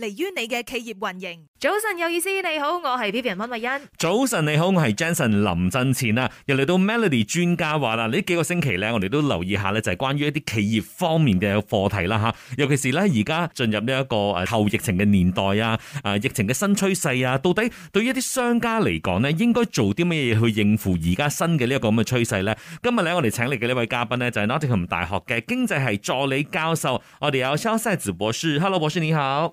對於你嘅企業運營。早晨有意思，你好，我係 B B M 温慧欣。早晨你好，我係 j e n s o n 林振前啊。又嚟到 Melody 專家話啦，呢幾個星期咧，我哋都留意一下咧，就係關於一啲企業方面嘅課題啦嚇。尤其是咧，而家進入呢一個誒後疫情嘅年代啊，誒疫情嘅新趨勢啊，到底對於一啲商家嚟講呢，應該做啲乜嘢去應付而家新嘅呢一個咁嘅趨勢咧？今日咧，我哋請嚟嘅呢位嘉賓咧，就係 Nottingham 大學嘅經濟系助理教授，我哋有肖世子博士。Hello，博士你好。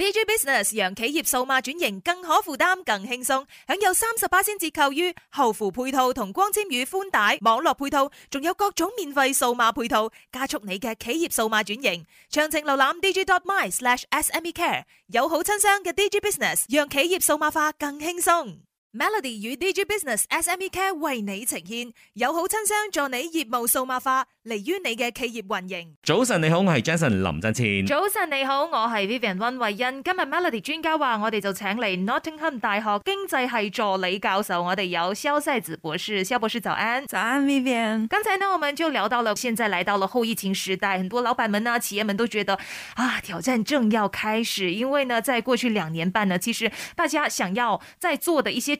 Digi Business 讓企業數碼轉型更可負擔、更輕鬆，享有三十八巴仙折扣於後付配套同光纖與寬帶網絡配套，仲有各種免費數碼配套，加速你嘅企業數碼轉型。詳情瀏覽 Digi dot my slash S M E Care，友好親商嘅 Digi Business 讓企業數碼化更輕鬆。Melody 與 DJ Business SME Care 為你呈現，友好親商，助你業務數碼化，利於你嘅企業運營。早晨你好，我係 Jason 林振千。早晨你好，我係 Vivian 温慧欣。今日 Melody 專家話，我哋就請嚟 Nottingham 大學經濟係助理教授，我哋有蕭世子博士。肖博士早安。早安，Vivian。剛才呢，我們就聊到了，現在來到了後疫情時代，很多老闆們呢、啊，企業們都覺得啊，挑戰正要開始，因為呢，在過去兩年半呢，其實大家想要在做的一些。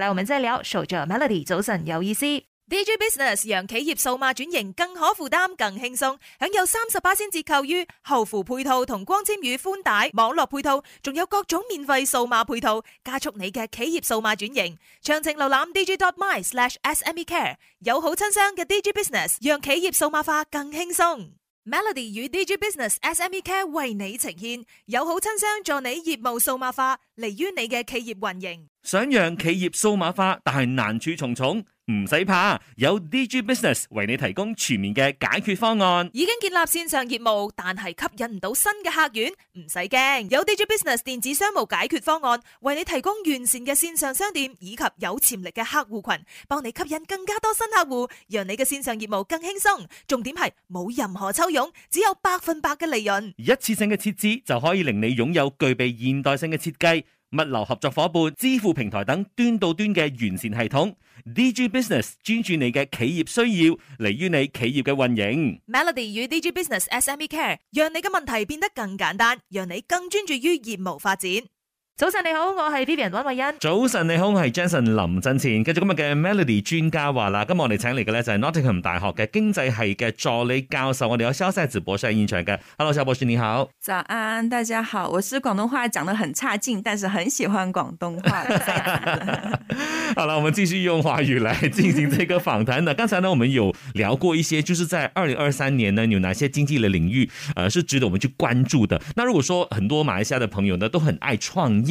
帶我們再聊守着 Melody 早晨有意思，DJ Business 讓企業數碼轉型更可負擔、更輕鬆，享有三十八先折扣於後付配套同光纖與寬帶網絡配套，仲有各種免費數碼配套，加速你嘅企業數碼轉型。詳情瀏覽 DJ dot my slash SME Care 有好親商嘅 DJ Business，讓企業數碼化更輕鬆。Melody 與 DJ Business SME Care 為你呈現，友好親商助你業務數碼化，利於你嘅企業運營。想讓企業數碼化，但係難處重重。唔使怕，有 Digi Business 為你提供全面嘅解決方案。已經建立線上業務，但係吸引唔到新嘅客源，唔使驚，有 Digi Business 電子商務解決方案為你提供完善嘅線上商店以及有潛力嘅客戶群，幫你吸引更加多新客戶，讓你嘅線上業務更輕鬆。重點係冇任何抽佣，只有百分百嘅利潤。一次性嘅設置就可以令你擁有具備現代性嘅設計。物流合作伙伴、支付平台等端到端嘅完善系統，DG Business 專注你嘅企業需要，利於你企業嘅運營。Melody 與 DG Business SME Care，讓你嘅問題變得更簡單，讓你更專注於業務發展。早晨你好，我係 Vivian 温慧恩。早晨你好，我係 Jenson 林振前。繼續今日嘅 Melody 專家話啦，今日我哋請嚟嘅咧就係 Nottingham 大學嘅經濟係嘅助理教授，我哋有蕭世子博士喺現場嘅。Hello，蕭博士你好。早安，大家好，我是廣東話講得很差勁，但是很喜歡廣東話。 好了，我們繼續用華語來進行呢個訪談。呢剛才呢，我們有聊過一些，就是在二零二三年呢，有哪些經濟嘅領域，呃，是值得我們去關注的。那如果說很多馬來西亞嘅朋友呢，都很愛創業。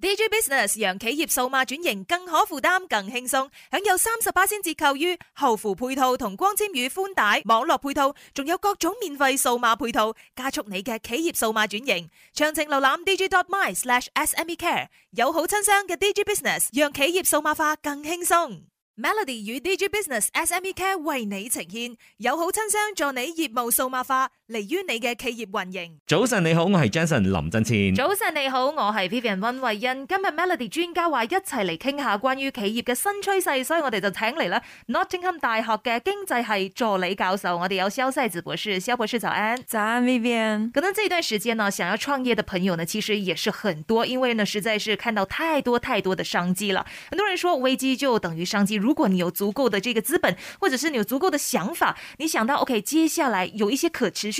D J Business 讓企業數碼轉型更可負擔、更輕鬆，享有三十八先折扣於後付配套同光纖與寬帶網絡配套，仲有各種免費數碼配套，加速你嘅企業數碼轉型。詳情瀏覽 D J dot my slash S M E Care，友好親商嘅 D J Business 讓企業數碼化更輕鬆。Melody 與 D J Business S M E Care 為你呈現友好親商，助你業務數碼化。嚟於你嘅企業運營。早晨你好，我係 Jason 林振千。早晨你好，我係 Vivian 溫慧欣。今日 Melody 專家話一齊嚟傾下關於企業嘅新趨勢，所以我哋就請嚟啦 Nottingham 大學嘅經濟系助理教授，我哋有蕭西子博士，蕭博士早安，早安 Vivian。可能呢段時間呢，想要創業嘅朋友呢，其實也是很多，因為呢，實在是看到太多太多嘅商機啦。很多人說危機就等於商機，如果你有足夠的這個資本，或者是你有足夠的想法，你想到 OK，接下來有一些可持續，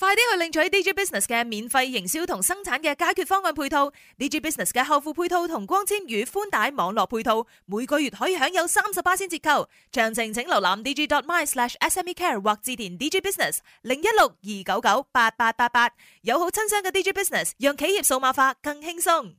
快啲去領取 Digi Business 嘅免費營銷同生產嘅解決方案配套，Digi Business 嘅後付配套同光纖與寬帶網絡配套，每個月可以享有三十巴仙折扣。詳情請瀏覽 digi.my/smecare 或致電 Digi Business 零一六二九九八八八八，友好親商嘅 Digi Business，讓企業數碼化更輕鬆。